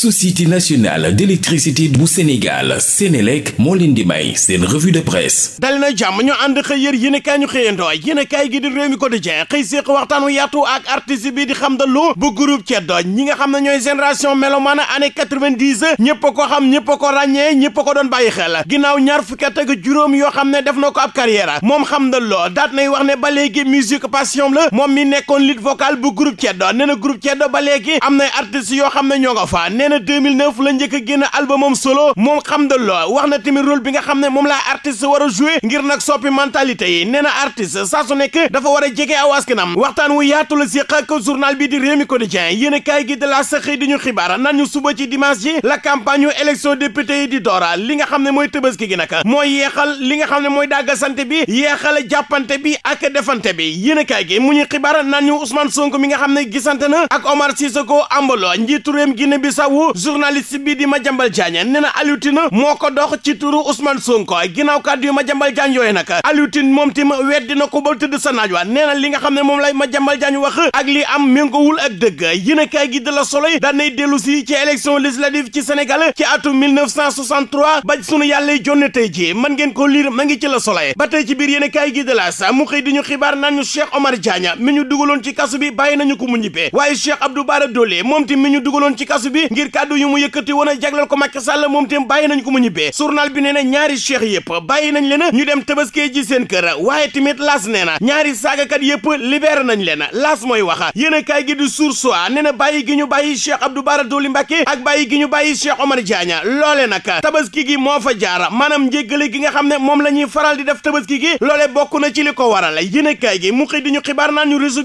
société nationale d'électricité bu Sénégal Sénélec moo leen di may seen revue de presse dali na jàmm ñu ànd xëy yër yéenekaay ñu xëyandoo yéenekaay gi di Rewmi Quotidien xëy séq waxtaan wu yaatu ak artiste bi di Xamda Lo bu groupe Ceddo ñi nga xam ne ñooy génération mélomane année 90 a ko xam ñëpp a ko ràññee ñëpp a ko doon bàyyi xel ginnaaw ñaar fukki at ak juróom yoo xam ne def na ko ab carrière moom Xamda Lo daat nay wax na ba léegi am nay na 2009 la njëkk a génn albumam solo moom xam da loo wax na tamit rôle bi nga xam ne moom laa artiste war a jouer ngir nag soppi mentalité yi nee na artiste saa su dafa war a jege aw askanam waxtaan wu yaatu la séq ak journal bi di Rewmi Quotidien yéen a kaay gi de la saxëy di ñu xibaar nan ñu suba ci dimanche ji la campagne yu élection yi di doora li nga xam ne mooy tëbaski gi nag mooy yeexal li nga xam ne mooy dàggasante bi yeexal jàppante bi ak defante bi yéen gi mu ñu xibaar nan ñu Ousmane mi nga xam ne gisante na ak Omar Cissokho Ambalo njiitu réew boobu journaliste bi di Madiambal Diagne nee na Alioune Tine moo ko dox ci turu Ousmane Sonko ginnaaw kàddu yu Madiambal Diagne yooyu nag Alioune Tine moom tim weddi na ko ba tëdd sa naaj wa nee na li nga xam ne moom lay Madiambal Diagne wax ak li am méngowul ak dëgg yéen a kaay gi de la soloy daan nay dellu si ci élection législative ci Sénégal ci atum 1963 ba sunu yàlla jonne tey ji man ngeen ko lire ma ngi ci la soloy ba tey ci biir yéen a kaay gi de la sa mu xëy di ñu xibaar naan ñu Cheikh Omar Diagne mi ñu dugaloon ci bi bàyyi nañu ko mu ñibbee waaye Cheikh Abdou Bara ci kasu bi ngir kàddu yu mu yëkkati woon a jagleel ko ma Macky Sall moom tam bàyyi nañ ko mu ñibbee journal bi nee na ñaari cheikh yëpp bàyyi nañ leen ñu dem tabaskee ji seen kër waaye tamit laas nee na ñaari saagakat yëpp libéré nañ leen laas mooy waxa yéen a gi di Source A nee na bàyyi gi ñu bàyyi Cheikh Abdou Bara Dolly Mbacké ak bàyyi gi ñu bàyyi Cheikh Omar Diagne loole nag tabaski gi moo fa jaara maanaam njéggale gi nga xam ne moom la ñuy faral di def tabaski gi loole bokk na ci li ko waral yéen a kaay gi mu xëy di ñu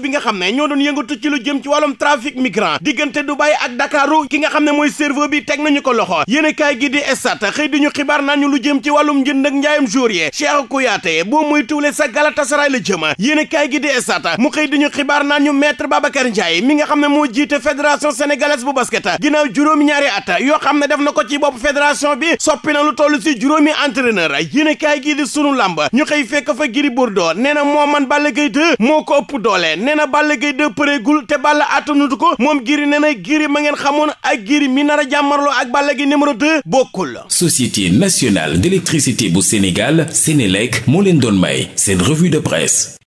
bi nga xam ne ñoo doon yëngatu ci lu jëm ci wàllum trafic migrant diggante Dubaï ak Dakaru ki nga xam mooy cerveau bi teg nañu ko loxo yéen kaay gi di estat xëy di ñu xibaar naan ñu lu jëm ci wàllum njënd ak njaayam jour yi Cheikh Kouyaté boo muy tuule sa Galatasaray la jëm yéen kaay gi di estat mu xëy di ñu xibaar naan ñu maître Babacar Ndiaye mi nga xam ne moo jiite fédération sénégalaise bu basket ginnaaw juróomi ñaari at yoo xam ne def na ko ci bopp fédération bi soppi na lu toll si juróomi entraîneur yéen kaay gi di sunu làmb ñu xëy fekk fa Gris Bordeaux nee na moo man Balla Gaye moo ko ëpp doole nee na Balla Gaye 2 pareegul te Balla attanutu ko moom Gris nee na Gris ma ngeen xamoon ak ngir mi nar a jàmmarloo ak Balla Gaye numéro 2 bokkul. Société nationale d'électricité bu Sénégal Sénélec moo leen doon may seen revue de presse.